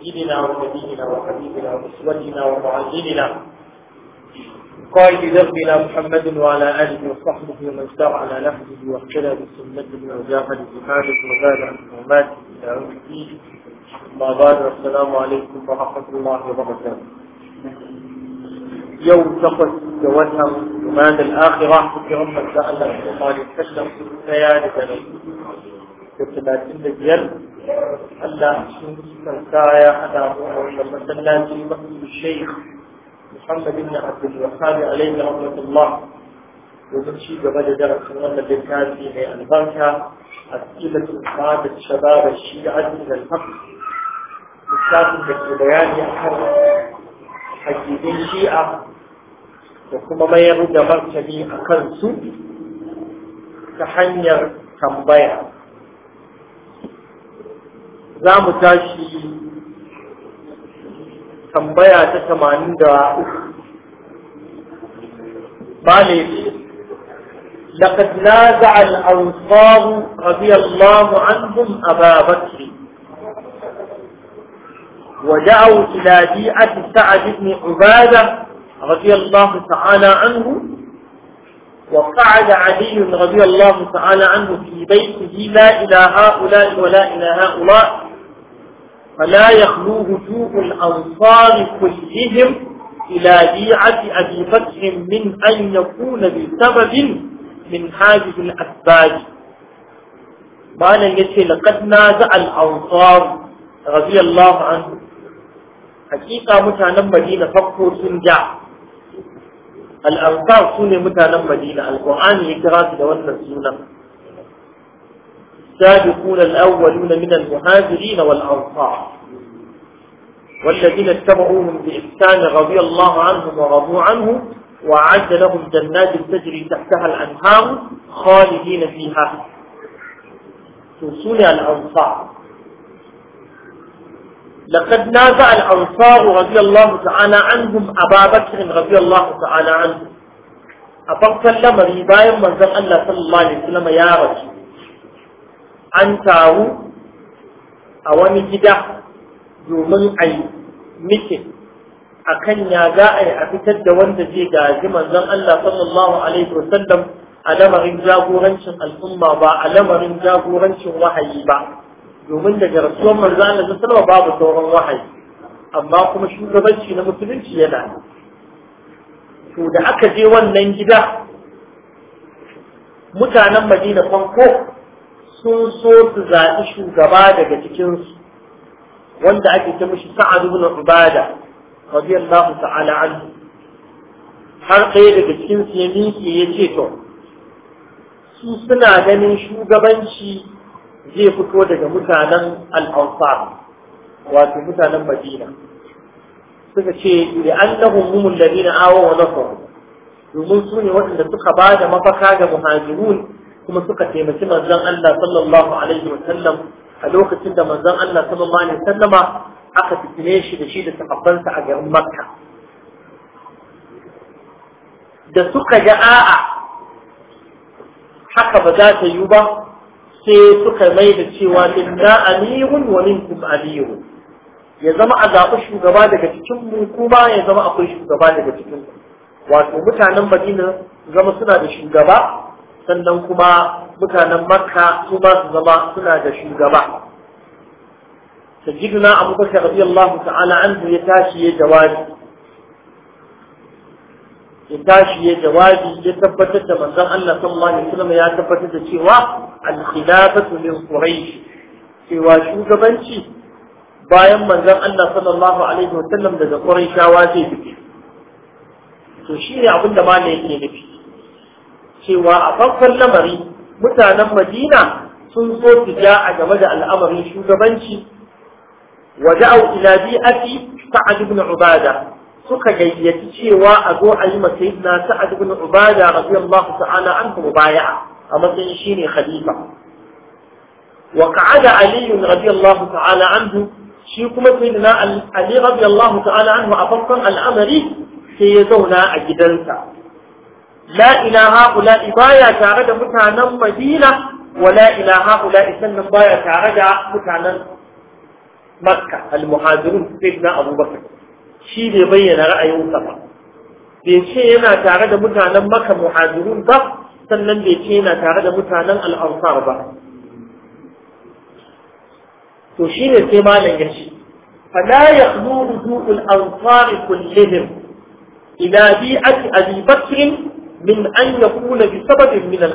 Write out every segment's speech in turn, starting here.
سيدنا ونبينا وحبيبنا واسوتنا ومعلمنا قائد دربنا محمد وعلى اله وصحبه ومن سار على نهجه واهتدى بسنته وجاهد جهاده وزاد عن الممات الى يوم الدين ما بعد والسلام عليكم ورحمه الله وبركاته يوم تقص توتر يمان الآخرة يوم سأل القرآن يتكلم في الثلاثين دجال ألا سنسايا أنا مثلا في مسجد الشيخ محمد بن عبد الوهاب عليه رحمة الله ومشي قبل درس الذي كان فيه البركة أسئلة إفادة شباب الشيعة إلى الحق الشاب بكتبياني بياني أحد حقيقين شيعة da kuma mayar da martani a kansu ta hanyar tambaya za mu tashi tambaya ta tamanin da uku بالغ لقد نازع الأنصار رضي الله عنهم أبا بكر ودعوا إلى بيئة سعد بن عبادة رضي الله تعالى عنه وقعد علي رضي الله تعالى عنه في بيته لا إلى هؤلاء ولا إلى هؤلاء فلا يخلو جوع الأنصار كلهم إلى بيعة أبي فتح من أن يكون بسبب من هذه الأسباب معنى يتي لقد نازع الأنصار رضي الله عنه حقيقة متى نمدين فقه سنجا الأنصار سنة مثلا مدينة القرآن alƙur'ani ya kira su السابقون الأولون من المهاجرين والأنصار والذين اتبعوهم بإحسان رضي الله عنهم ورضوا عنه وأعد لهم جنات تجري تحتها الأنهار خالدين فيها سنة الأنصار لقد نازع الأنصار رضي الله تعالى عنهم أبا بكر رضي الله تعالى عنه أفرق لما ريبايا من ذن الله صلى الله عليه وسلم يا رجل أن تارو أواني جدا يومن أي مكن أكن يا جائر أفتد دوان تجي جاجي من ذن الله صلى الله عليه وسلم ألم رجاقورنش الأمة با ألم رجاقورنش وحيي با domin daga rasuwan manzo Allah da sallama babu sauran wahayi amma kuma shugabanci na musulunci yana to da aka je wannan gida mutanen Madina fanko sun so su zaɓi shugaba daga cikinsu wanda ake ta mishi Sa'ad ibn Ubada radiyallahu ta'ala anhu har ɗaya daga cikinsu ya miƙe ya ce to su suna ganin shugabanci zai fito daga mutanen al-ansar wato mutanen madina suka ce da annahum humul ladina awa wa nasaru domin su ne waɗanda suka ba da mafaka ga muhajirun kuma suka taimaki manzan Allah sallallahu alaihi a lokacin da manzon Allah sallallahu alaihi aka fitine shi da shi da takabbansa a garin Makka da suka ga a'a haka ba za ta yi ba sai suka mai da cewa Inna aliyun wa minkum aliyun ya zama a zaɓi shugaba daga cikin mu kuma ya zama akwai shugaba daga cikin ku wato mutanen Madina zama suna da shugaba sannan kuma mutanen Makka su ba su zama suna da shugaba سجدنا ya tashi ya jawabi ya tashi ya jawabi ya tabbatar da manzon Allah sallallahu alaihi wasallam ya tabbatar da cewa. al-khilafatu min quraish cewa shugabanci bayan manzon Allah sallallahu alaihi wa sallam daga quraishawa zai fike to shi ne abin da malai yake nufi cewa a farkon lamari mutanen Madina sun so su ja a game da al'amarin shugabanci Waje da'u ila bi'ati sa'ad ibn ubada suka gayyaci cewa a zo a yi ma sayyidina sa'ad ibn ubada radiyallahu ta'ala anhu mubaya'a a matsayin shine khalifa wa ka'ada ali radiyallahu ta'ala anhu shi kuma sayyidina ali radiyallahu ta'ala anhu a farkon al'amari sai ya zauna a gidansa la ila haula baya tare da mutanen madina wa la ila haula sannan baya tare da mutanen makka al-muhajirun sayyidina abubakar shi ne bayyana ra'ayinsa ba bai ce yana tare da mutanen makka muhajirun ba sannan bai ce yana tare da mutanen al'ansar ba to shi ne sai malam ya ce fala ya zo rudu'ul ansar kullihim ila bi'ati abi bakr min an kuna bi sababin min al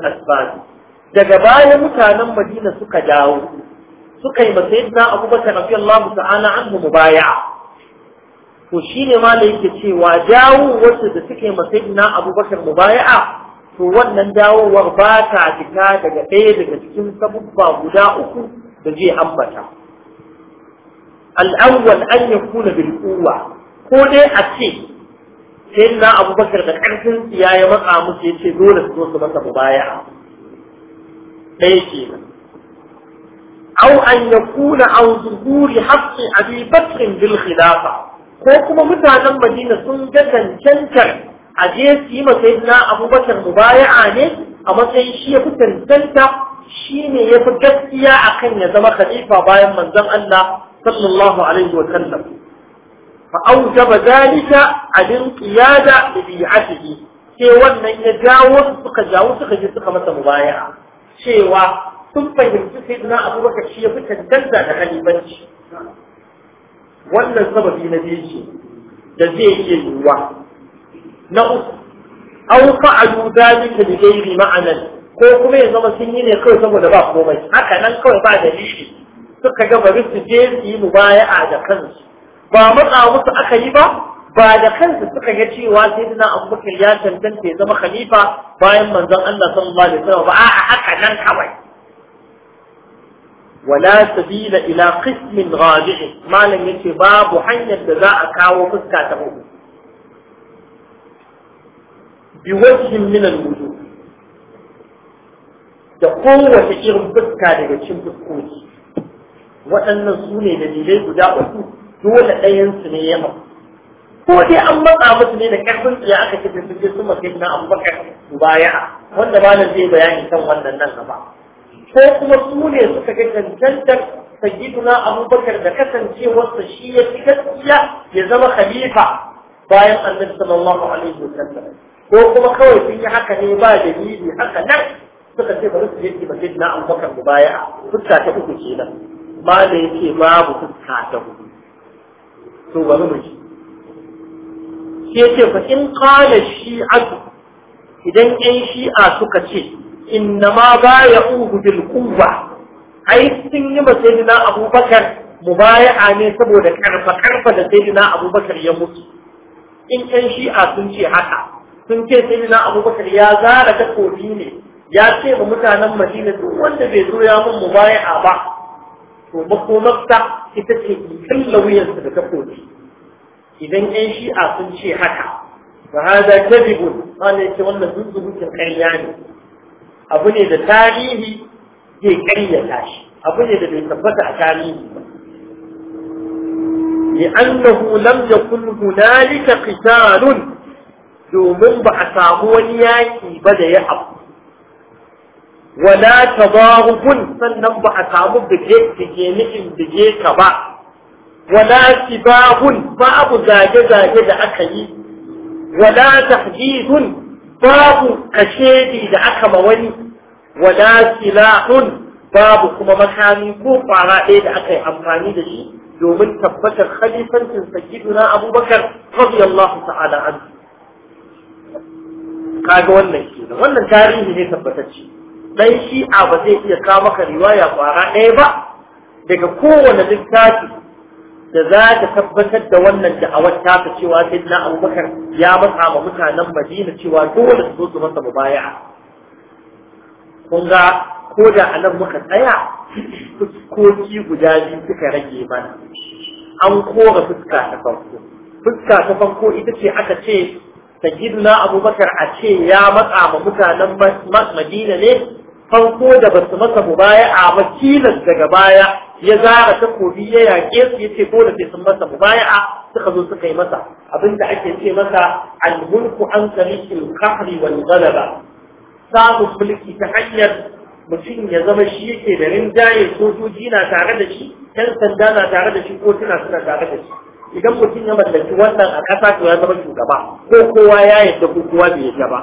daga baya mutanen madina suka dawo suka yi masayidna abubakar radiyallahu an anhu mubaya'a to shi ne ma yake cewa dawo wasu da suke masayidina abubakar mubaya'a to wannan dawowar ba ta fita daga ɗaya daga cikin sabubba guda uku da zai ambata al'awwal an yakuna bil quwwa ko dai a ce sai na abubakar da ƙarfin tsiya ya matsa musu ya ce dole su zo su masa mubaya ɗaya ke nan au an ya kuna an zuhuri haƙƙi abi bakrin bil khilafa ko kuma mutanen madina sun ga cancantar a je su yi masai na abubakar mubaya'a ne a matsayin shi ya fi tantanta shi ne ya fi gaskiya a kan ya zama khalifa bayan manzon Allah sallallahu alaihi wa sallam fa aujaba zalika adin qiyada bi bi'atihi sai wannan ya jawo suka jawo suka je suka masa mubaya'a cewa sun fahimci sayyidina Abubakar shi ya fi tantanta da khalifanci wannan sababi na biyu da zai iya yiwuwa na uku aw fa'alu zalika bi ma'anan ko kuma ya zama sun yi ne kawai saboda ba komai haka nan kawai ba dalili suka ga bari su je su yi mubaya'a da kansu ba matsa musu aka yi ba ba da kansu suka ga cewa sai dina abubakar ya tantance zama khalifa bayan manzon Allah sallallahu alaihi wasallam ba a'a haka nan kawai wala sabila ila qismin rabi'i malam yace babu hanyar da za a kawo fuska ta hudu biwajhin min al-wujuh da kowace irin fuska daga cikin fuskoki waɗannan su ne dalilai guda uku dole ɗayansu su ne yamma ko dai an matsa musu ne da karfin tsaye aka ce sun je sun mace na abubakar baya wanda ba zai bayani kan wannan nan gaba ko kuma su ne suka ga cancantar sayyiduna abubakar da kasancewarsa shi ya fi gaskiya ya zama khalifa bayan annabi sallallahu alaihi wasallam ko kuma kawai sun yi haka ne ba dalili haka nan suka ce bari su je ki masjid na abubakar mu baya fuska ta uku nan ma da yake babu fuska ta hudu to bari mu ji shi yake fa in qala shi'atu idan yan shi'a suka ce inna ma baya'uhu bil quwwa ai sun yi masjid na abubakar mubaya'a ne saboda karfa karfa da sayyidina abubakar ya mutu in yan shi'a sun ce haka sun ce sai na abubakar ya zara takobi ne ya ce ba mutanen madina duk wanda bai zo ya mun mubaya'a ba to makomarsa ita ce in lauyansa da takobi idan yan shi'a sun ce haka ba hada kadibun ya ce wannan duk zunzurutun karya ne abu ne da tarihi zai ƙaryata shi abu ne da bai tabbata a tarihi ba لأنه لم يكن هنالك قتال domin ba a samu wani yaƙi ba da ya abu wala tadarubun sannan ba a samu bige bige bige ka ba wala kibahun babu zage zage da aka yi wala tahdidun babu kashedi da aka ma wani wala silahun babu kuma makami ko fara ɗaya da aka yi amfani da shi domin tabbatar khalifancin sayyiduna abubakar radiyallahu ta'ala anhu kaga wannan kenan wannan tarihi ne tabbatacce dan shi'a ba zai iya kawo maka riwaya kwara ɗaya ba daga kowane littafi da za ta tabbatar da wannan da'awar taka cewa sai na abubakar ya matsa ma mutanen madina cewa dole su zo su masa mubaya'a kun ga ko da a nan muka tsaya fuskoki guda biyu suka rage mana an kora fuska ta farko fuska ta farko ita ce aka ce sayyiduna abubakar a ce ya matsa ma mutanen madina ne farko da basu masa mubaya'a ba tilas daga baya ya zara takobi ya yaƙe su yace ko da sai sun masa mubaya'a suka zo suka yi masa abinda ake ce maka al-mulku an tariqil qahri wal ghalaba samun mulki ta hanyar mutum ya zama shi yake da rinjaye sojoji na tare da shi 'yan sanda na tare da shi kotuna suna tare da shi idan mutum ya mallaki wannan a ƙasa to ya zama shugaba ko kowa ya yadda ko kowa bai yadda ba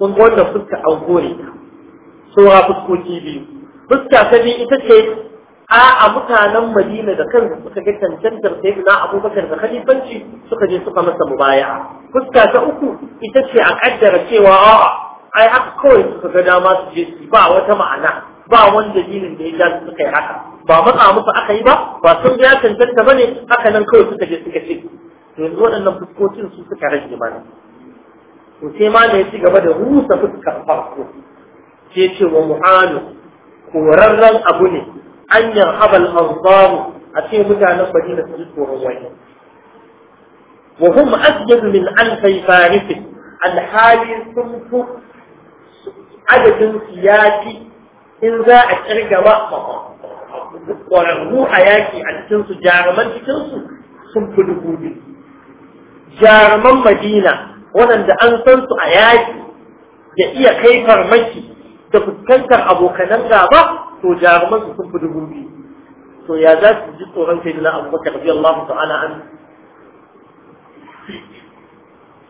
kun ga wannan fuska an gore ta saura fuskoki biyu fuska ta biyu ita ce a a mutanen madina da kansu suka ga cancantar sai na abubakar da khalifanci suka je suka masa mubaya'a fuska ta uku ita ce a kaddara cewa a'a ai haka kawai suka ga dama su je su ba wata ma'ana ba wani dalilin da ya ja su suka yi haka ba matsa musu aka yi ba ba sun ga ya cancanta ba ne haka nan kawai suka je suka ce yanzu waɗannan fuskokin su suka rage mana to sai ma ya ci gaba da rusa a farko ke ce wa mu'anu korarren abu ne an yarhabal anzaru a ce mutanen madina su tsoron wani wa hum asjad min alfai farisi alhali sun fi adadin siyasi in za a kirga ba ƙwararru a yaƙi a cikinsu jaruman cikinsu sun fi dubu biyu jaruman madina waɗanda an san su a yaƙi da iya kai farmaki da fuskantar abokanan gaba to jaruman su sun fi dubu biyu to ya za su ji tsoron kai na abu bakar rabi Allah ta'ala an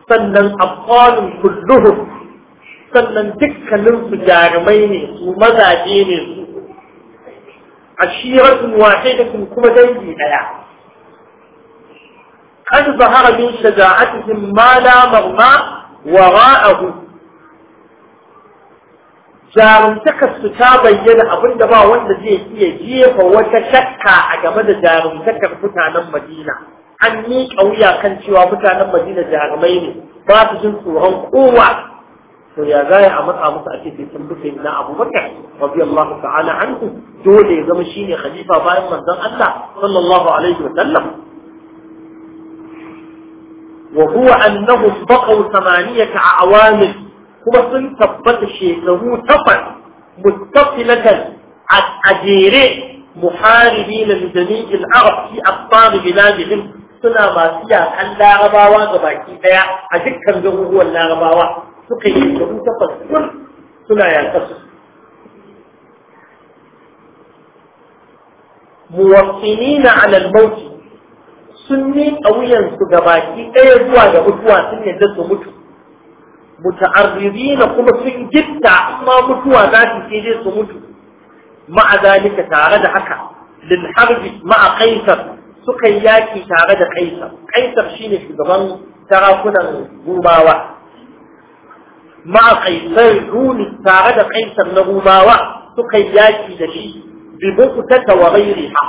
sannan abqalun kulluhum sannan dukkanin su jarumai ne su mazaje ne su da wahidatun kuma dangi daya قد ظهر من ma ما ma مرمى وراءه jarumtakarsu ta bayyana abin da ba wanda zai iya jefa wata shakka a game da jarumtakar mutanen Madina. An miƙa wuya kan cewa mutanen Madina jarumai ne, ba su jin tsoron kowa to ya za a matsa musu a ce sai sun bi sai na Abu Bakar radiyallahu ta'ala anhu dole ya zama shine khalifa bayan manzon Allah sallallahu alaihi wa sallam wa huwa annahum baqaw thamaniyata awamil kuma sun tabbata shekaru takwas mutafilatan a jere muharibina li jami'il arab fi abtar biladihim suna masu yakan larabawa ga baki daya a dukkan garuruwan larabawa تقيم ومن تقص كل موطنين على الموت سني قويا سجباتي اي زواج اخوة سني جدو متو متعرضين قم سن جدا اما متو ذاتي في جدو متو مع ذلك تارد حكا للحرب مع قيصر سكياكي تعرض قيصر قيصر شيني في الغم ترى كنا مباوة ma kaisar rumi tare da kaisar na rumawa suka yaki da shi bi bukuta ta wa ghairiha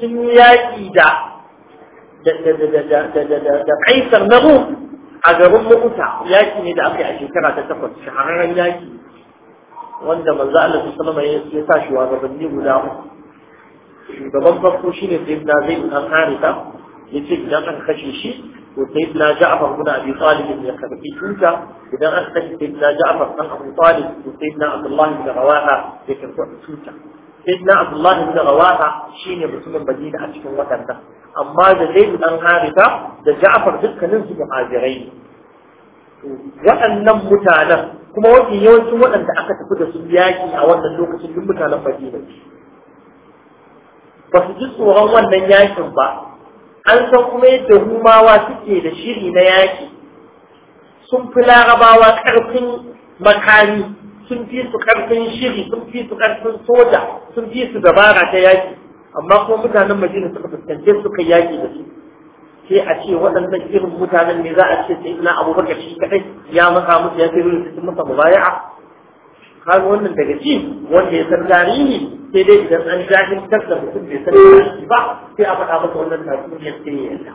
sun yaki da da kaisar na rum a garin mukuta yaki ne da aka yi a shekara ta takwas shahararren yaki wanda maza Allah ya sa shi wa guda uku shugaban farko shine sayyidina zaid an harita yace idan an kashe shi to sayyidina Ja'far ibn Abi Talib ya karbi tuta idan aka tafi sayyidina Ja'far ibn Abi Talib to na Abdullah ibn Rawaha ya karbi tuta Na Abdullah ibn Rawaha shine mutumin Madina a cikin wadannan amma da Zaid dan harita da ja'afar dukkanin su muhajirai waɗannan mutanen kuma wajen yawancin waɗanda aka tafi da su yaƙi a wannan lokacin duk mutanen Madina ba su ji tsoron wannan yakin ba an san kuma yadda humawa suke da shiri na yaki sun fi larabawa ƙarfin makari, sun fi su ƙarfin shiri sun fi su ƙarfin soja sun fi su dabara ta yaki amma kuma mutanen madina suka fuskance suka yaki da su sai a ce waɗannan irin mutanen ne za a ce sai ina abubakar shi kaɗai ya maka musu ya fi ruru cikin masa mubaya'a kaga wannan daga ci wanda ya san tarihi sai dai idan an jahiltar da mutum bai san tarihi ba sai a faɗa masa wannan tatsuniyar sai ya yarda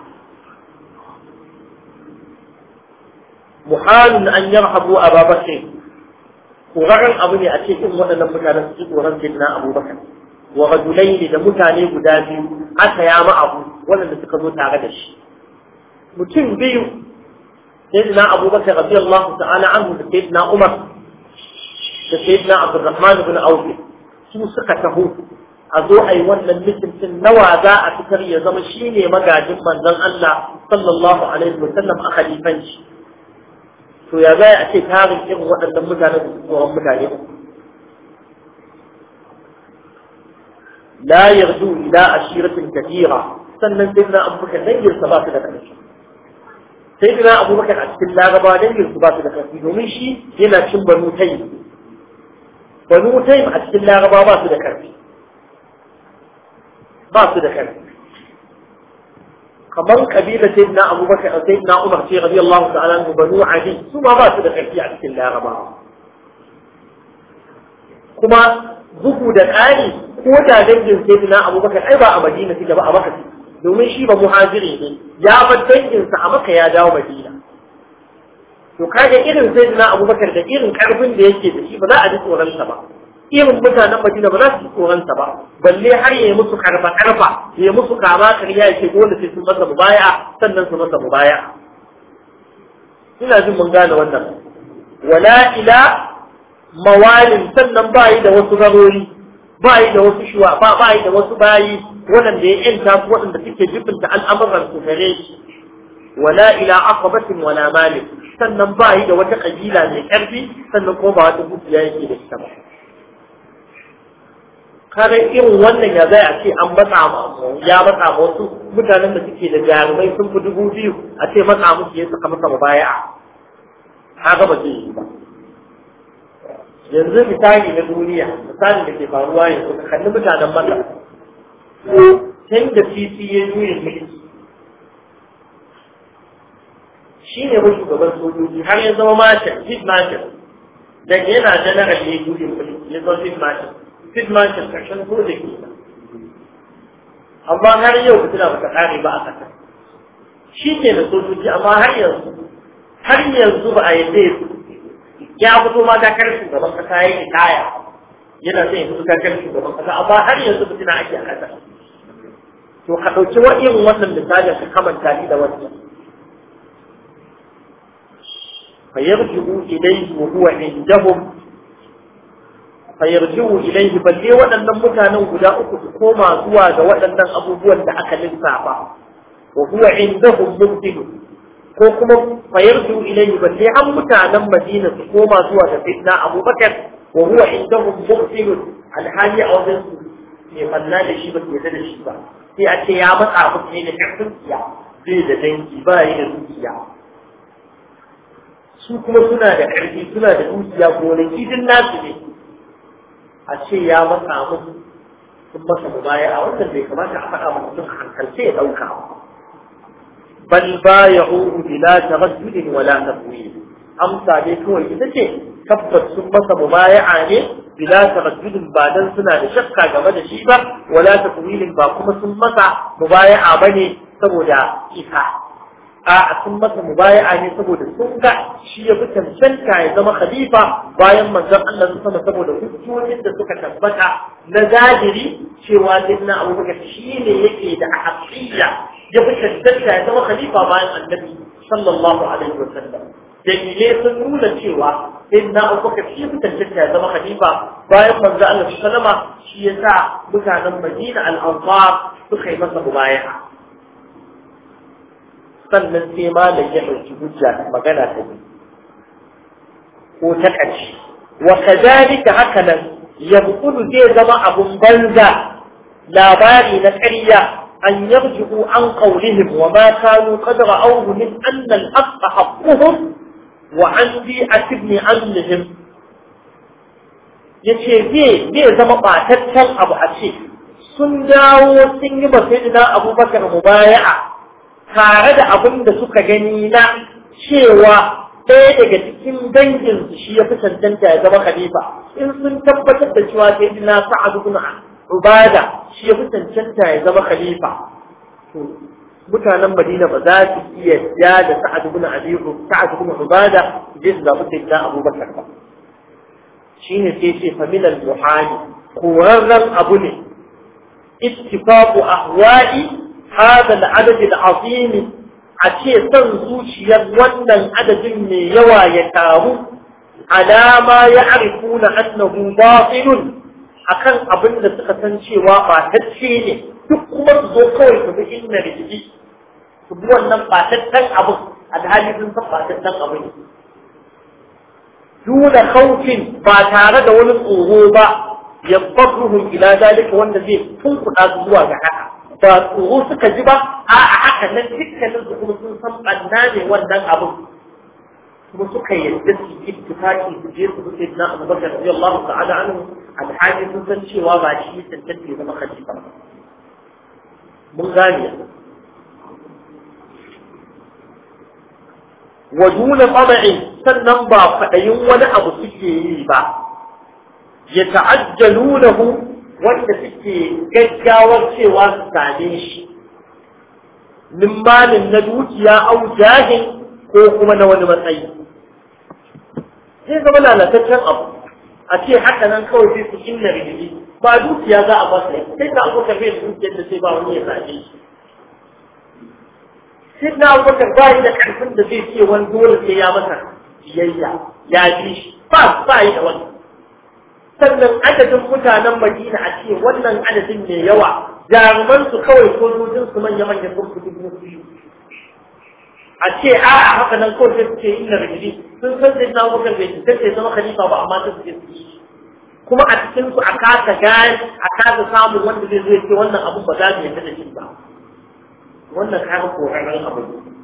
muhalun an a aba bakr kokarin abu ne a cikin waɗannan mutanen su ji jinna abu abubakar wa ne da mutane guda biyu aka ya ma abu waɗanda suka zo tare da shi mutum biyu sayyidina abubakar radiyallahu ta'ala anhu da na umar da sayyidina Abdurrahman ibn Auf su suka taho a zo a yi wannan mutuntun nawa za a fitar ya zama shi ne magajin manzon Allah sallallahu alaihi wa sallam a khalifanci to ya zai a ce tarin irin waɗannan mutanen da suke tsoron mutane la yardu ila ashiratin kathira sannan sai na abubakar dangin sa ba su da ƙarfi sai na abubakar a cikin laraba dangin su ba su da ƙarfi domin shi yana cin banu tayi banu mutaim a cikin laraba ba su da karfi ba su da karfi kamar kabila sai na abubakar a sai na umar ce rabi Allah ta'ala mu banu adi su ma ba su da karfi a cikin laraba kuma bugu da ƙari ko da dangin sai na abubakar ai ba a madina suke ba a maka domin shi ba muhajiri ne ya bar danginsa a maka ya dawo madina to kaga irin sai na abubakar da irin karfin da yake da shi ba za a ji tsoronsa ba irin mutanen madina ba za su ji tsoronsa ba balle har ya musu karfa karfa ya musu kama kariya ya ce dole sai sun masa mubaya sannan su masa mubaya ina jin mun gane wannan wala ila mawalin sannan ba yi da wasu garori ba yi da wasu shuwa ba ba yi da wasu bayi waɗanda ya yanta su waɗanda suke jibinta al'amuran su gare shi wala ila aqabatin wala malik sannan ba yi da wata ƙabila mai ƙarfi, sannan ko ba wata dukiya yake da ita ba kare irin wannan ya zai a ce an matsa ya matsa ma wasu mutanen da suke da jarumai sun fi dubu biyu a ce matsa musu ya saka masa mubaya'a kaga ba zai yi ba yanzu misali na duniya misali da ke faruwa yanzu ka kalli mutanen mata can da titi ya juya mulki shi ne ba gaban sojoji har ya zama marshal fit marshal dan yana general ne gudun mulki ya zama fit martin. Fit martin karshen soja ke nan amma har yau ba tuna baka kare ba a kasa shi ke da sojoji amma har yanzu har yanzu ba a zai su ya fito ma karfi shugaban kasa ya yi kaya yana son ya fito karfi shugaban kasa amma har yanzu ba tuna ake a kasa to ka ɗauki wa'in wannan misalin ka kamanta ni da wannan فيرجعوا إليه وهو عندهم فيرجعوا إليه بل ليه وأن نمكا نوجد أكد كوما زواج وأن نأبوه أن أكل الصعبة وهو عندهم مبدل كوكما فيرجعوا إليه بل ليه أمكا نم مدينة كوما زواج سيدنا أبو بكر وهو عندهم مبدل الحالي أو ذنسل يقلنا لشيبة يدل الشيبة في أتيامة أعبد من الحفظ يعني بيد دنكي باين الزيادة su kuma suna da ƙarfi suna da dukiya gonaki duk nasu ne a ce ya matsa musu sun masa baya a wannan bai kamata a faɗa musu sun hankalce ya ɗauka bal ba ya huru bila taraddudin wala tabwil amsa ne kawai ita ce tabbas sun masa mubaya'a ne bila taraddudin ba dan suna da shakka game da shi ba wala tabwilin ba kuma sun masa mubaya'a bane saboda ita. a sun masa mubaya'a ne saboda sun ga shi ya fi cancanta ya zama khalifa bayan manzon Allah sun sama saboda hujjojin da suka tabbata na zahiri cewa sayyidina Abubakar shi ne yake da ahadiyya ya fi cancanta ya zama khalifa bayan annabi sallallahu alaihi wasallam dalilai sun nuna cewa sayyidina Abubakar shi ya fi cancanta ya zama khalifa bayan manzon Allah sallama shi ya sa mutanen Madina al-Ansar suka yi masa mubaya'a sannan sai malam ya ɗauki hujja magana ta biyu ko ta ƙarshe wa kazalika haka nan yabqulu zai zama abun banza labari na ƙarya an yarji'u an qawlihim wa ma kanu qad ra'awhu min anna al-haqq haqquhum wa an bi'at ibn amlihim yace zai zai zama bataccen abu a ce sun dawo sun yi masayidina abubakar mubaya'a tare da abin da suka gani na cewa ɗaya daga cikin dangin su shi ya fi cancanta ya zama khalifa in sun tabbatar da cewa sai na sa'ad ibn ubada shi ya fi cancanta ya zama khalifa to mutanen Madina ba za su iya ya da sa'ad ibn abi sa'ad ibn ubada je su zabi sai da Abubakar ba shine sai ce fa min al-ruhani abu ne ittifaqu ahwa'i هذا العدد العظيم أتي تنزوشي ونن عدد من يوى يتارو ya ما na أنه باطل akan abin da suka san cewa ba tacce ne duk kuma su zo kawai su bi inna rijibi su bi wannan ba tattan abin alhali sun san ba tattan abin duna khawfin ba tare da wani tsoro ba yabbaruhum ila dalika wanda zai tunkuɗa su zuwa ga haka ba tsoro suka ji ba a haka nan dukkanin su kuma sun san ɓanna ne wannan abin kuma suka yarda su yi tufaki su je su rufe na abubakar rabi Allah ta'ala anhu alhaji sun san cewa ba shi tantance zama khalifa ba mun gane wa duna tabi'i sannan ba fadayin wani abu suke yi ba Ya yata'ajjalunahu wanda suke gaggawar cewa su same shi min na dukiya au jahin ko kuma na wani matsayi zai zama lalataccen abu a ce haka nan kawai sai su inna rigidi ba dukiya za a masa sai ka abu karfe da dukiyar da sai ba wani ya same shi sai na abubakar ba da karfin da zai ce wani dole sai ya masa biyayya ya ji shi ba ba yi da wani sannan adadin mutanen madina a ce wannan adadin mai yawa jaruman su kawai sojojin su manya manya sun fi dubu biyu a ce a a haka nan ko sai suke yin rigiri sun san sai na wukan bai ta sai zama khalifa ba amma ta suke su kuma a cikin su a kasa gani a kasa samun wanda zai zo ya ce wannan abun ba za mu yarda da shi ba wannan kayan kokarin abu ne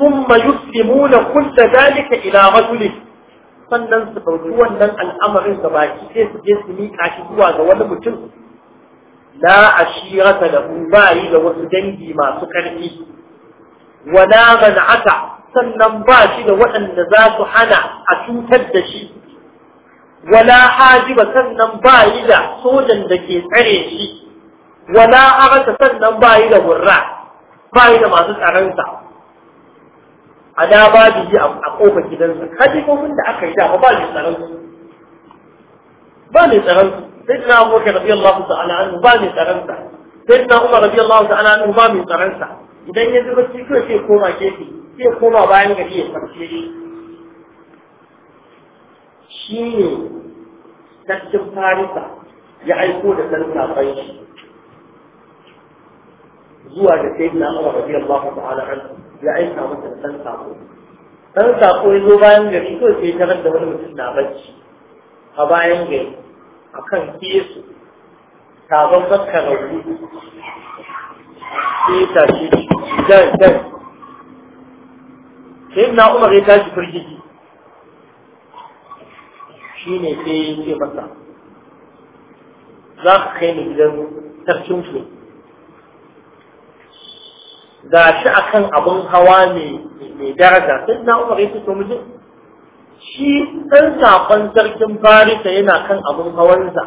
ثم يسلمون كل ذلك إلى رجل sannan su ɗauki wannan al'amarin da baki sai su je su miƙa shi zuwa ga wani mutum la ashirata da ba yi da wasu dangi masu ƙarfi wala gan'ata sannan ba shi da waɗanda za su hana a cutar da shi wala hajiba sannan ba yi da sojan da ke tsare shi wala harata sannan ba yi da gurra ba yi da masu tsaronsa a da ba da yi a kofa gidansa kaji kofin da aka yi da ba mai tsaron su ba mai tsaron su sai tana abubakar rabi Allah ta'ala anhu ba mai tsaron sa sai tana umar rabi Allah ta'ala anhu ba mai tsaron sa idan ya zuba ci kawai sai koma gefe sai koma bayan gari ya farce shi ne sarkin farisa ya aiko da sarka bai shi zuwa da sayyidina umar su ta'ala anhu ya aika masa da ɗan saƙo ɗan saƙo ya zo bayan gari ko sai ta da wani mutum na bacci a bayan gari a kan kiyesu taron bakka na hudu sai ta shi, jan jan sai na umar ya tashi firgiji. shi ne sai ya ce masa za ka kai ni gidan tarcin su ga shi akan abun hawa mai daraja sai na umar ya fito mu shi ɗan saƙon sarkin farisa yana kan abun hawansa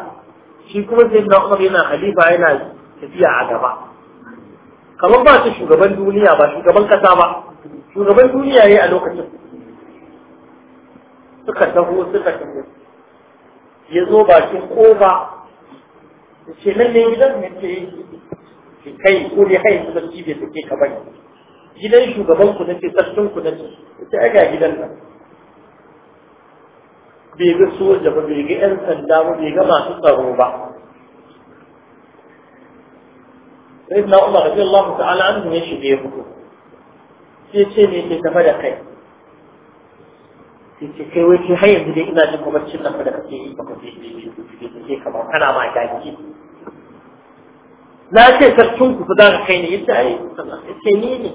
shi kuma sai na umar yana halifa yana tafiya a gaba kamar ba su shugaban duniya ba shugaban kasa ba shugaban duniya ya yi a lokacin suka taho suka tafi ya zo bakin ƙofa da ce nan ne gidan ne ce kai ko ne kai kuma ci bai take ka bane gidan shugaban ku nace sassun ku nace sai ga gidan nan bai ga soja ba bai ga yan sanda ba bai ga masu tsaro ba sai na Umar radiyallahu ta'ala anhu ya shige ya fito sai ce ne ke tafa da kai sai ce kai wai ke har yanzu dai ina jin kuma cin nan da kake yi ba ka ne ke kamar kana ma gaji na ce sarkin ku za ka kai ne yadda ai ce ni ne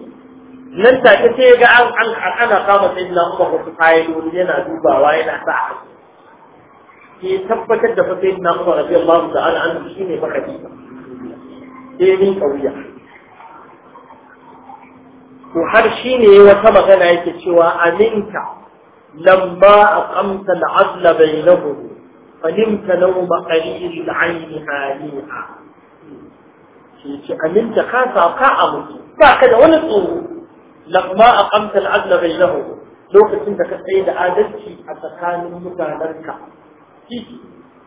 nan ke sai ga an an ana kama sai na kuma ku kai wani yana dubawa yana sa a ke tabbatar da fa sai na kuma rabbi Allah da ala an shi ne baka ji sai ni kauya to har shi ne wata magana yake cewa aminka lamma aqamta al-adla bainahum فنمت نوم قليل العين هانيئا sai ce aminta ka sauka a mutu? ba ka da wani tsoro lamma aqamta al-adla bainahum lokacin da ka tsaye da adalci a tsakanin mutanenka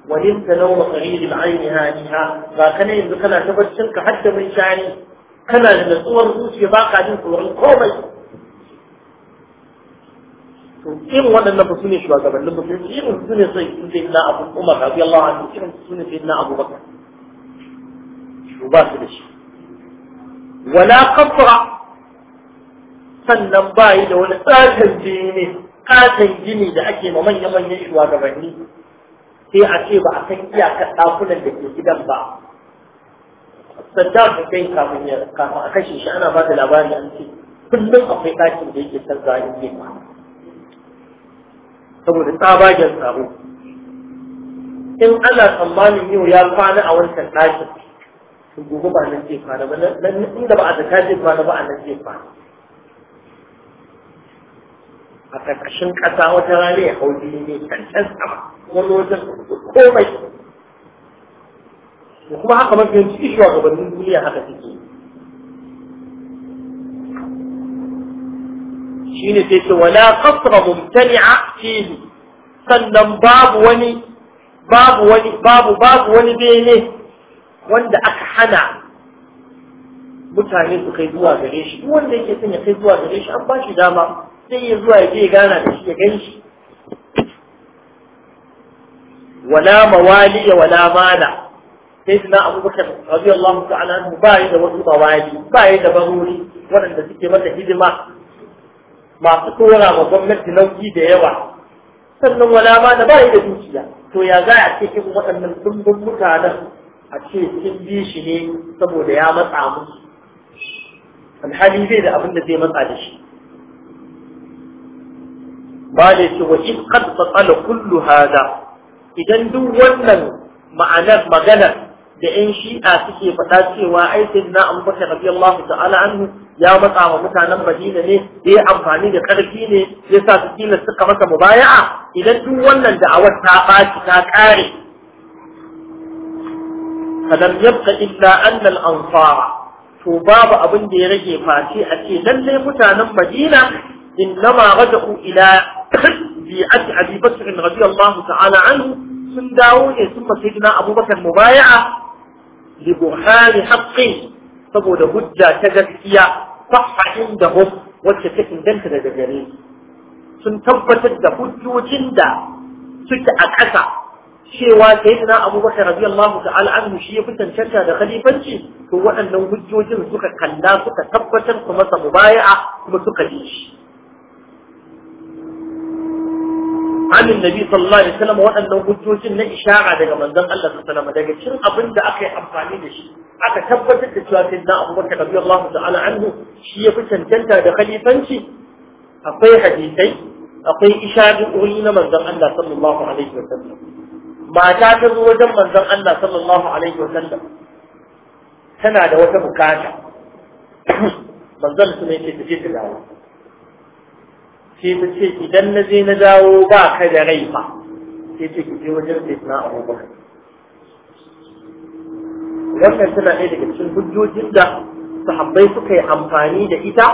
wani ta nau wa tsariri da aini haniha ba ka na yanzu kana ta barcin ka hadda mai shani kana da natsuwar zuciya ba ka jin tsoron komai to irin waɗannan ba su ne shugabannin musulunci irin su ne sai na abu umar rabi Allah an irin su ne sai na abu bakar to ba su da shi wala kafra sannan ba yi da wani tsakan jini ne, katon gini da ake ma manya-manyan shugabanni sai a ce ba a san iyakar ɗakunan da ke gidan ba saddam da kai kafin ya kafa a kashe shi ana ba da labari an ce kullum akwai ɗakin da yake canza in zai ba. saboda tsabagen tsaro in ana tsammanin yau ya kwana a wancan ɗakin to gobe ba nan zai kwana ba nan inda ba a zaka zai kwana ba a nan zai kwana a ƙarƙashin ƙasa wata rana ya hau jini ne cancan sama wani wajen komai da kuma haka mafi yanci shugabannin duniya haka suke shi ne sai ce wala kasra mumtani'a fihi sannan babu wani babu wani babu babu wani bene wanda aka hana mutane su kai zuwa gare shi wanda yake son ya kai zuwa gare shi an ba shi dama sai ya zuwa ya je gana da shi ya gan shi wala mawali wala mana. sai suna abubakar radiyallahu ta'ala mu ba yi da wasu mawali ba yi da baruri waɗanda suke mata hidima masu tora ma gwamnati nauki da yawa sannan wala mana ba yi da dukiya to ya za a cikin waɗannan dumbin mutanen a ce sun bi shi ne saboda ya matsa musu alhali zai da abin da zai matsa da shi ba da ce wa in qad fasala kullu hada idan duk wannan ma'anar magana da in shi'a suke faɗa cewa ai sai na ambata rabi Allah ta'ala anhu ya matsa wa mutanen Madina ne ya amfani da ƙarfi ne ya sa su kila suka masa mubaya'a idan duk wannan da'awar ta ɓaci ta ƙare فلم يبق إلا أن to babu abin da ya rage face a ce lallai mutanen madina innama rajau ila bi'at abi bakr radiyallahu ta'ala anhu sun dawo ne sun fa sayyidina abubakar mubaya'a li burhani haqqi saboda hujja ta gaskiya sahha da hum wacce ta inganta daga gare sun tabbatar da hujjojin da suke a ƙasa cewa sayyidina abubakar radiyallahu ta'ala anhu shi ya fi cancanta da khalifanci to waɗannan hujjojin suka kalla suka tabbatar su masa mubaya'a kuma suka bi shi amin nabi sallallahu alaihi wasallam waɗannan hujjojin na ishara daga manzon Allah sallallahu alaihi daga cin abin da aka yi amfani da shi aka tabbatar da cewa sayyidina abubakar radiyallahu ta'ala anhu shi ya fi cancanta da khalifanci akwai hadisai akwai isharo'i na manzon Allah sallallahu alaihi wasallam mata ta zo wajen manzon Allah sallallahu alaihi wasallam tana da wata bukata manzon su ne ce ta je ta dawo sai ta ce idan na je na dawo ba ka da rai ba, sai ce ki wajen sai na abubakar wannan tana ɗaya daga cikin hujjojin da sahabbai suka yi amfani da ita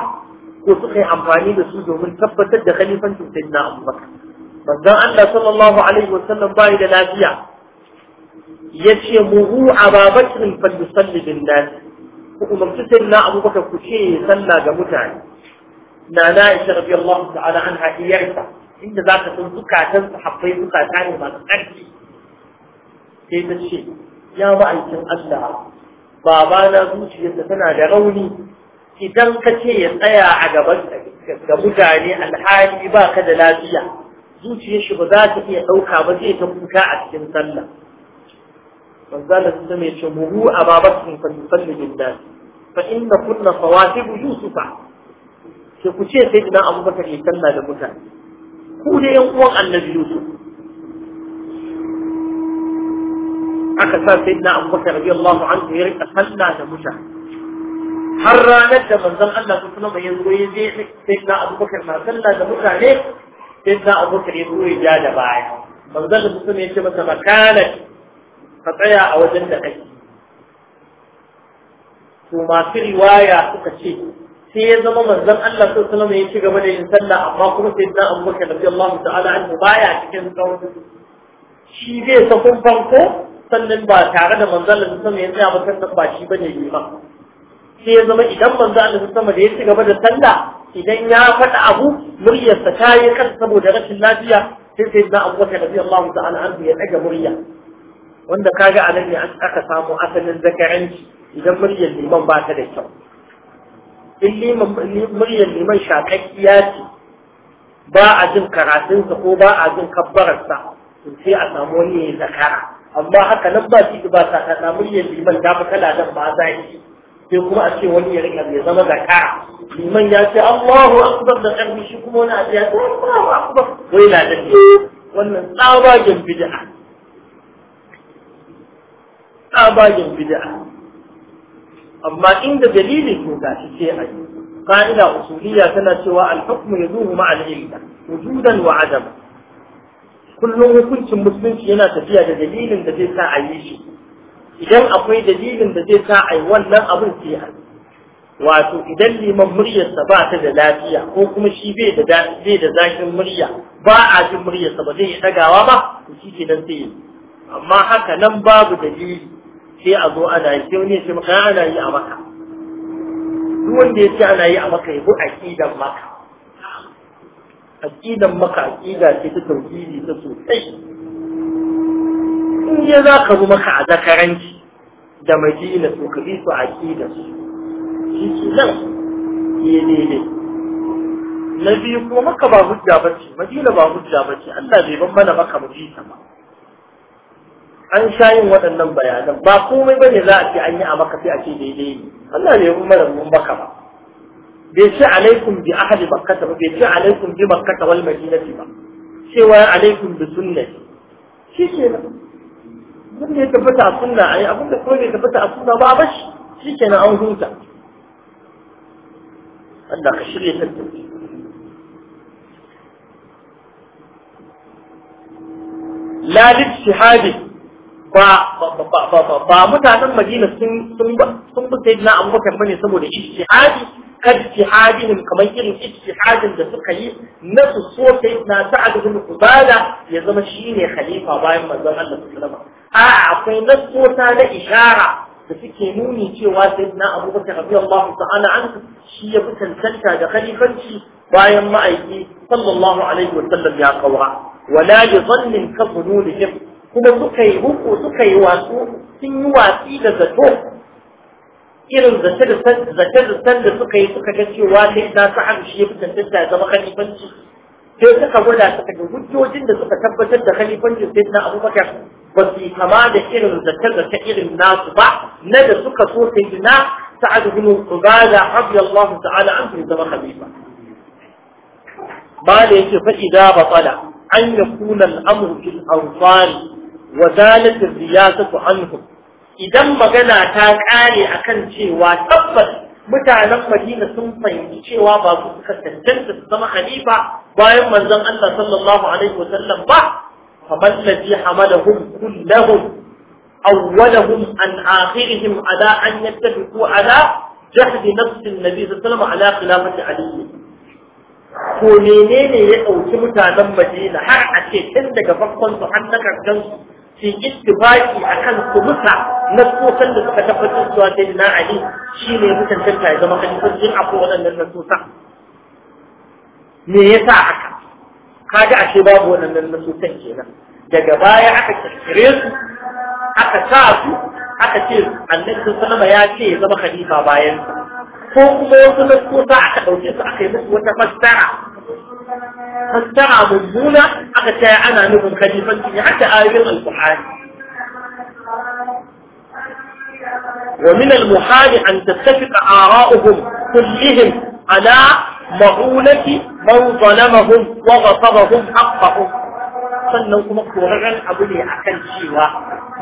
ko suka yi amfani da su domin tabbatar da khalifancin sayyidina abubakar manzon Allah sallallahu alaihi wasallam bai da lafiya yace muhu ababakir fal yusalli bin nas ku umarci sayyidina abubakar ku ce sallah ga mutane na na isha radiyallahu ta'ala anha iyarta inda za ka san zukatan sahabbai zukata ne masu ƙarfi sai ta ce ya ma'aikin Allah babana zuciyarsa tana da rauni idan ka ce ya tsaya a gaban ga mutane alhali ba ka da lafiya zuciyar shi ba za ta iya ɗauka ba zai ta kuka a cikin sallah manzala sun mai yace muhu a babatun fa tusalli bin nas fa inna kunna fawatibu yusufa sai ku ce sai idan abubakar ya sallah da mutane ku da yan uwan annabi yusuf aka sa sai idan abubakar radiyallahu anhu ya rika sallah da mutane har ranar da manzan Allah sallallahu alaihi wasallam ya zo ya je sai idan abubakar na sallah da mutane sai za a muka zuwa ja da baya zan da mutum ya ce masa makanat ka tsaya a wajen da kake to masu riwaya suka ce sai ya zama manzon Allah sallallahu alaihi ya ci gaba da yin sallah amma kuma sai dan Abu Bakar radiyallahu ta'ala anhu baya cikin tsawon shi zai sa sakun ko sannan ba tare da manzon Allah sallallahu ya tsaya ba kan ba shi bane ba sai ya zama idan manzon Allah sallallahu alaihi da ya ci gaba da sallah idan ya faɗa abu muryarsa ta yi kan saboda rashin lafiya sai sai na abuwa kai rabi Allah ta an ya ɗaga murya wanda ka ga anan ne aka samu asalin zakaranci idan muryar liman ba ta da kyau in muryar liman shaƙaƙƙiya ce ba a jin karatunsa ko ba a jin kabbararsa to sai a samu wani ya zakara amma haka nan ba shi ba ta ta muryar liman ta fi kala dan ba za shi sai kuma a ce wani ya rika ya zama zakara liman ya ce Allahu akbar da karfi shi kuma wani a ce Allahu akbar wai na da wannan tsabagen bid'a tsabagen bid'a amma inda dalili ko ga shi ce a yi ka'ida usuliya tana cewa al-hukmu yazuhu ma'a al-ilm wujudan wa adama kullum hukuncin musulunci yana tafiya da dalilin da zai sa a yi shi idan akwai dalilin da zai sa yi wannan abin sai a wato idan liman muryarsa ba ta da lafiya ko kuma shi bai da zafin murya ba a jin muryarsa ba zai dagawa ba to shi ke nan sai amma haka nan babu dalili sai a zo ana yi sai ne sai ana yi a maka duk wanda ya ce ana yi a maka ya bi aqidan maka maka ce ta tauhidi ta sosai ya za ka bi maka a zakaranci da madina su ka bi su a su shi ke nan ya daidai na biyu kuma maka ba hujja ba ce madina ba hujja ba ce Allah bai ban mana maka mu ba an sha yin waɗannan bayanan ba komai ba ne za a ce an yi a maka sai a ce daidai ne Allah bai ban mana mun baka ba bai ce alaikum bi ahli makkata ba bai ce alaikum bi makkata wal madinati ba cewa alaikum bi sunnati shi kenan abin da ya tabbata a suna a yi abinda kuma bai tabbata a suna ba a bashi shikenan an huta wanda ka shirya tattauki la shahadi ba mutanen Madina sun sun sun bi sayyidina Abubakar bane saboda ijtihadi kajtihadin kamar irin ijtihadin da suka yi na su so na Sa'ad ibn Ubada ya zama shine khalifa bayan manzon Allah sallallahu alaihi wasallam a akwai nasota na ishara da suke nuni cewa sayyidina Abubakar radiyallahu ta'ala anhu shi ya fi tantanta da khalifanci bayan ma'aiki sallallahu alaihi wasallam ya kaura wala yadhallin ka dhunulihim kuma suka yi huku suka yi wasu sun yi watsi da zato irin zace san da suka yi suka ga cewa sai na sa'ar shi ya fi tantanta zama khalifanci sai suka gwada suka ga hujjojin da suka tabbatar da khalifancin sai na abubakar ba su yi kama da irin zace-zace irin nasu ba na da suka so sai na sa'ad bin ubada radiyallahu ta'ala an su zama khalifa ba da yake fa idza batala an yakuna al-amru fil ansari wa zalat riyasatu anhum idan magana ta kare akan cewa tabbas mutanen Madina sun fahimci cewa ba su suka tantance su zama khalifa bayan manzon Allah sallallahu alaihi wasallam ba faman ladhi hamalahum kullahum awwalahum an akhirihim ala an yattabiqu ala jahd nafs an-nabi sallallahu alaihi ala khilafati ali to menene ya ɗauki mutanen Madina har a ce tun daga farkon su har na karkan su في اتفاقي أكان كمسع نصوصا لسك تفتح سواتنا علي daina من يمكن تلك إذا ما كان يفضل أقوى أن النصوصا من يساعك kaji a ce babu wannan nasusan kenan daga baya aka kirkire su aka sa su aka ce annabi sallama ya zama khalifa bayan ko kuma wasu nasusa aka ɗauke su aka yi musu wata fassara فاستعبوا الظلة أغتاعنا منهم كجيبا حتى آيات الفحال ومن المحال أن تتفق آراؤهم كلهم على مغولة من ظلمهم وغطبهم حقهم sannan kuma koraren abu ne a kan cewa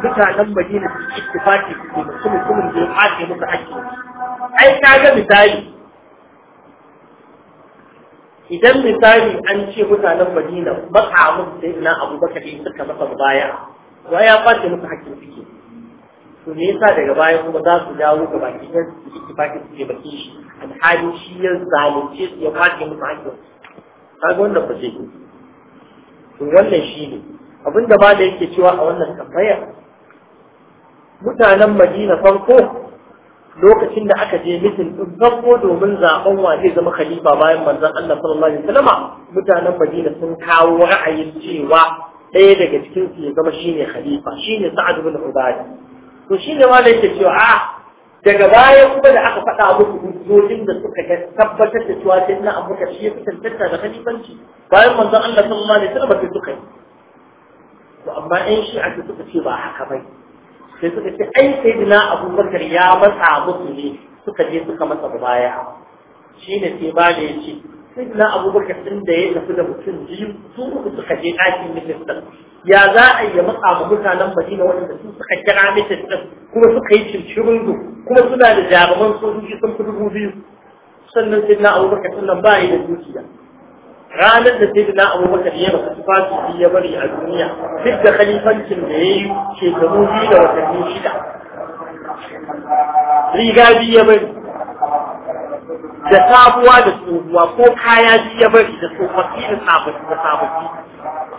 mutanen majina su ci tufaki su ke musulun jirage muka ake ai kaga misali idan misali an ce mutanen Madina a musu sai ina Abu Bakar ne suka masa baya wa ya kwace musu hakkin suke to me yasa daga baya kuma za su dawo ga baki ɗan su yi baki su baki shi alhali shi ya zalunce su ya kwace musu hakkin ga wannan ba zai to wannan shi ne abinda ba da yake cewa a wannan tambaya mutanen Madina farko lokacin da aka je mitin din farko domin zaɓen wa zama khalifa bayan manzon Allah sallallahu alaihi wasallam mutanen Madina sun kawo ra'ayin cewa ɗaya daga cikin su ya zama shine khalifa shine Sa'ad ibn Ubayd to shine ma da yake cewa a ah, daga baya kuma da aka faɗa muku hujjojin da suka ga tabbatar da cewa sai na Abubakar shi ya tantance da khalifanci bayan manzon Allah sallallahu alaihi wasallam sai suka yi to amma ɗan shi'a suka ce ba haka bane sai suka ce ai sai dina abubakar ya matsa musu ne suka je suka masa baya shi ne sai ba da ya ce sai dina abubakar din da ya tafi da mutum biyu su uku suka je ɗakin mitin ɗin ya za a yi matsa ma mutanen madina waɗanda su suka kira mitin ɗin kuma suka yi cincirin kuma suna da jaruman sojoji sun fi dubu biyu sannan sai dina abubakar din nan ba ya da dukiya ranar da sayyidina abubakar ya rasu tufafi ya bari a duniya duk da khalifancin da ya yi shekaru biyu da watanni shida riga biyu ya bari da sabuwa da tsohuwa ko kaya biyu ya bari da tsofaffi da sababbi da sababbi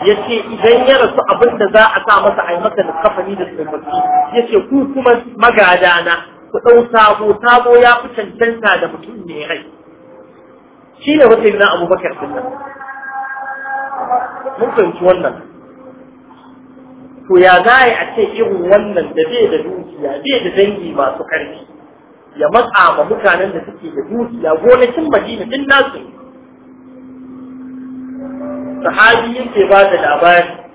ya ce idan ya rasu abin da za a sa masa a yi masa da kafani da tsofaffi ya ce ku kuma magadana ku ɗau sabo sabo ya fi cancanta da mutum ne rai shi ne wata na abubakar din nan mun fahimci wannan to ya za a ce irin wannan da bai da dukiya bai da dangi masu ƙarfi ya matsa ma mutanen da suke da dukiya gonakin madina din nasu sahabi yake ba da labari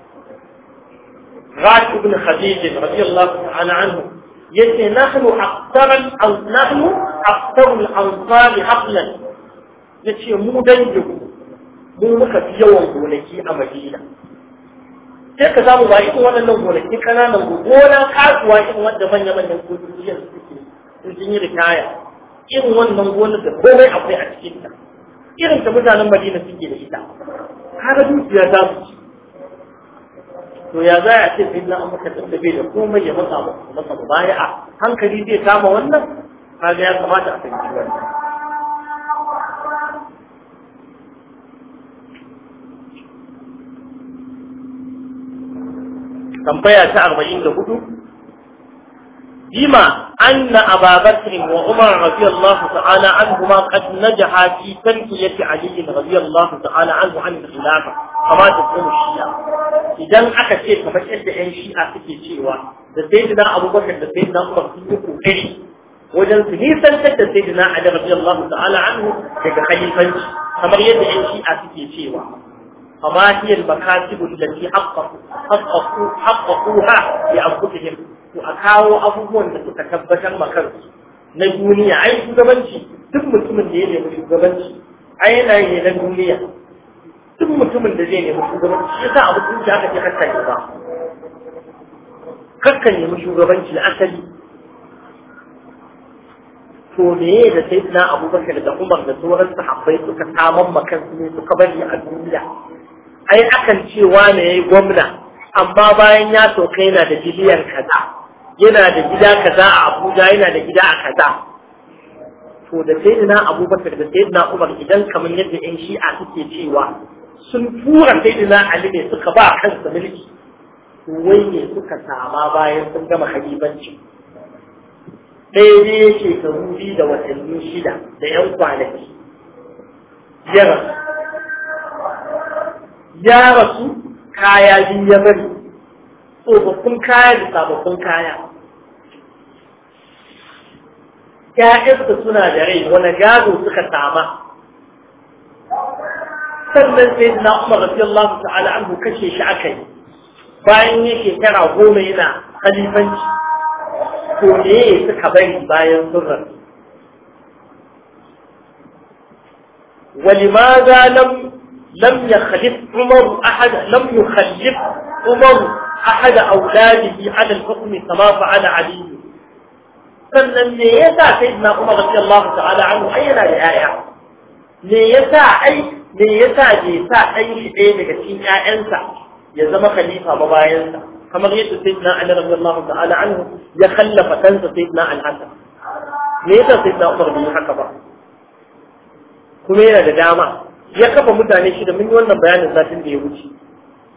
Rat ibn Khadij radiyallahu ta'ala anhu yace nahnu aktaran aw nahnu aktarul ansari aqlan ya ce mu danginku mu muka fi yawan gonaki a madina sai ka samu ba irin waɗannan gonaki ƙananan gona kasuwa irin wanda manya-manyan gudunjiyar suke sun yi ritaya irin wannan gonar da komai akwai a cikin ta irin ta mutanen madina suke da ita har dukiya za su ci to ya za a ce sai an maka tattabe da komai ya matsa masa a hankali zai kama wannan kaga ya kamata a fahimci wannan tambaya ta arba'in da 44 bima anna ababakr wa umar radiyallahu ta'ala anhuma qad najaha fi tanqiyati ali radiyallahu ta'ala anhu an al-khilafa kama ta kuma shi'a idan aka ce kamar da yan shi'a suke cewa da sayyidina abubakar da sayyidina umar sun yi kokari wajen su nisantar da sayyidina ali radiyallahu ta'ala anhu daga khalifanci kamar yadda yan shi'a suke cewa فما هي المكاتب التي حققوا حققوا حققوها لأنفسهم وأكاو أبوهم أن تتكبشا مكانسو na duniya ai shugabanci duk mutumin da ya nemi shugabanci ai yana yi na duniya duk mutumin da zai nemi shugabanci shi yasa abu duk aka ce kakkan yi ba kakkan nemi shugabanci na asali to me da sai na abubakar da umar da sauran sahabbai suka saman makan su ne suka bari a duniya ai akan cewa ne yayi gwamna amma bayan ya sauka yana da biliyan kaza yana da gida kaza a Abuja yana da gida a kaza to da sai ina Abubakar da sai ina Umar idan kamar yadda ƴan Shi'a suke cewa sun tura sai ina Ali ne suka ba kansa mulki wai ne suka sama bayan sun gama halibanci ɗaya ne shekaru biyu da watanni shida da ƴan kwanaki yaran ya rasu kaya biyu ya bari tsofaffin kaya da sababbin kaya ‘ya'yansa suna da rai wani gado suka sama sannan sai na umar Al'adu, ta'ala an kashe shi aka yi bayan yake shekara goma yana halifanci to ne ya suka bari bayan sun ولماذا لم لم يخلف عمر أحد لم يخلف عمر أحد أولاده على الحكم كما فعل علي فلن يسع سيدنا عمر رضي الله تعالى عنه أين الآية ليسع أي ليسع ليسع أي شيء لكتين أنسى يزم خليفة بابا ينسى كما رأيت سيدنا علي رضي الله تعالى عنه يخلف تنسى سيدنا الحسن ليسع سيدنا عمر بن حكبه كمين الجامعة ya kafa mutane shida mun yi wannan bayanin satin da ya wuce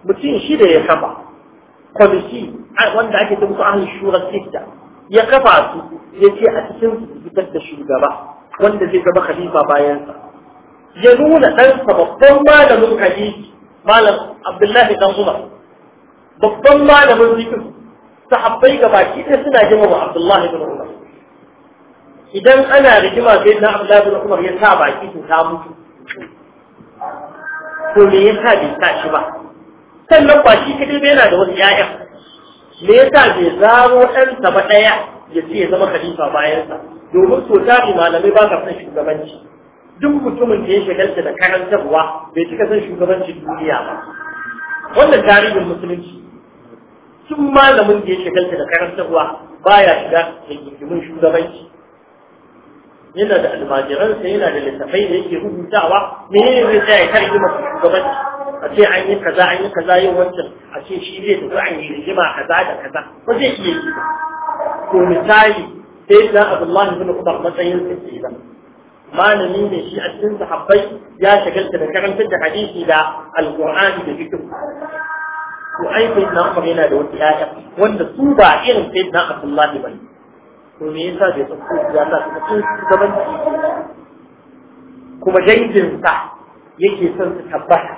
mutum shida ya kafa kwamiti wanda ake ta musu ahli shura sitta ya kafa su ya ce a cikin fitar da shugaba wanda zai zama khalifa bayansa ya nuna ɗansa babban malamin hadisi malam abdullahi dan umar babban malamin zikir sahabbai gabaki ɗaya suna wa abdullahi dan umar idan ana rigima sai na abdullahi dan umar ya sa baki su ta mutu to me yasa bai sa shi ba sannan ba shi kadai bai yana da wasu 'ya'yan. me yasa bai zaro ɗansa ba ɗaya ya ce ya zama khalifa bayansa domin ta malamai ba ka san shugabanci duk mutumin da ya shagalta da karantarwa bai cika san shugabancin duniya ba wannan tarihin musulunci tun malamin da ya shagalta da karantarwa baya shiga gingimin shugabanci yana da almajiran sa yana da littafai da yake rubutawa menene zai tsaya ya yi masa shugabanci a ce an yi kaza an yi kaza yin wancan a ce shi zai tafi an yi rigima kaza da kaza ba zai iya yi ba ko misali sai da Abdullahi bin Umar matsayin sa ke ba malami ne shi a cikin sahabbai ya shagalta da karantar da hadisi da alqur'ani da fiqh to ai sai na Umar yana da wata yaya wanda su ba irin sai na Abdullahi bane to me yasa bai tsakko ya sa shugabanci kuma danginsa yake son su tabbata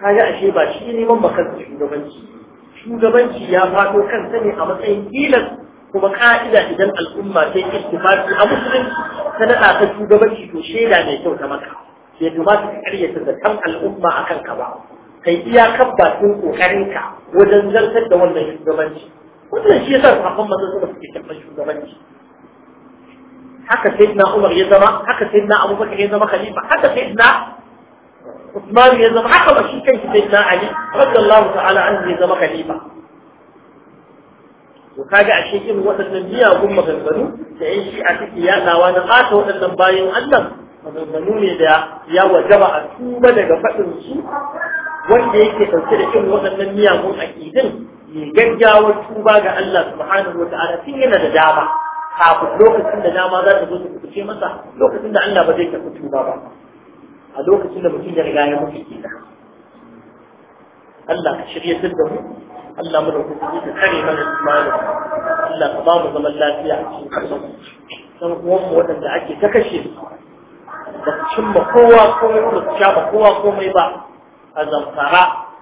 kaga ashe ba shi neman makansa shugabanci shugabanci ya faɗo kansa ne a matsayin tilas kuma ka'ida idan al'umma ta yi istifaki a musulunci ta ta shugabanci to shaida mai kyau ta maka bai kamata ka karyata zaton al'umma a ka ba kai iya kabbatin ƙoƙarinka wajen zartar da wannan shugabanci wannan shi ya yasa sahabban manzon sama suke karɓar shugabanci haka sayyidina Umar ya zama haka sayyidina Abubakar ya zama khalifa haka sayyidina Usman ya zama haka ba shi kanshi sayyidina Ali radiyallahu ta'ala anhu ya zama khalifa to kaga ashe irin waɗannan miyagun maganganu da yan shi'a suke yaɗawa na ɓata waɗannan bayan Allah maganganu ne da ya wajaba a tuba daga faɗin su wanda yake ɗauke da irin waɗannan miyagun aƙidin yi gaggawar tuba ga Allah subhanahu wa ta'ala tun yana da dama kafin lokacin da dama za ta zo ta kuce masa lokacin da Allah ba zai tafi tuba ba a lokacin da mutum ya riga ya mutu kenan Allah ka shirya da mu Allah mu da kuma ka kare mana imanin Allah ka ba mu zaman lafiya a cikin kasa. San uwan mu wadanda ake ta kashe su ba su cimma kowa komai ba sha ba kowa komai ba a zamfara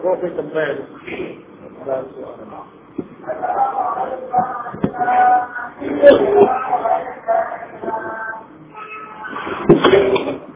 Prophet and man, that's what I'm about. Thank you.